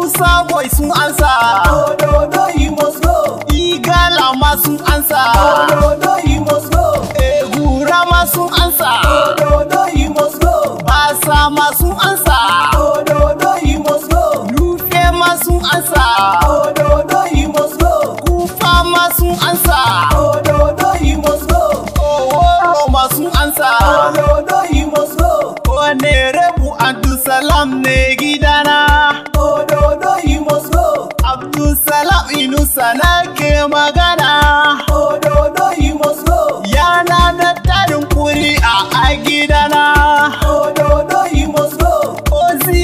Hausa boys sun ansa. Ododo you must go. Igala ma sun ansa. Ododo you must go. Egura ma sun ansa. Ododo you must go. Basa ma sun ansa. Ododo you must go. Lufe ma sun ansa. Ododo you must go. Kufa ma sun ansa. Ododo you must go. Oworo ma sun ansa. Ododo you must go. Onerebu Abdulsalam ne gidana. magana Oh no no da tarin a gidana Ozi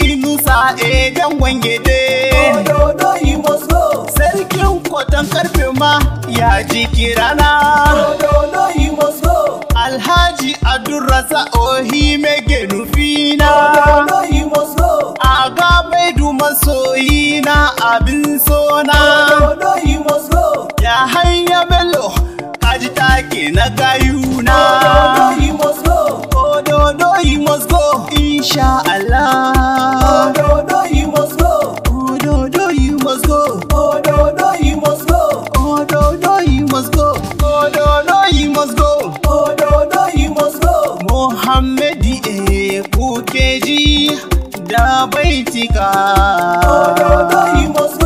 inusa e eh, dangon gede Sarkin kwatan karfe ma ya ji kirana Oh Alhaji Abdurraza ohi mege nufina Oh no no you must na abin sona. na hanya bello kaji take na gayuna ododo he must go must go insha Allah ododo he must go ododo he must go ododo he must go ododo he must go ododo he must go ododo he must go Muhammadi eh kuke ji da baitika ododo he must go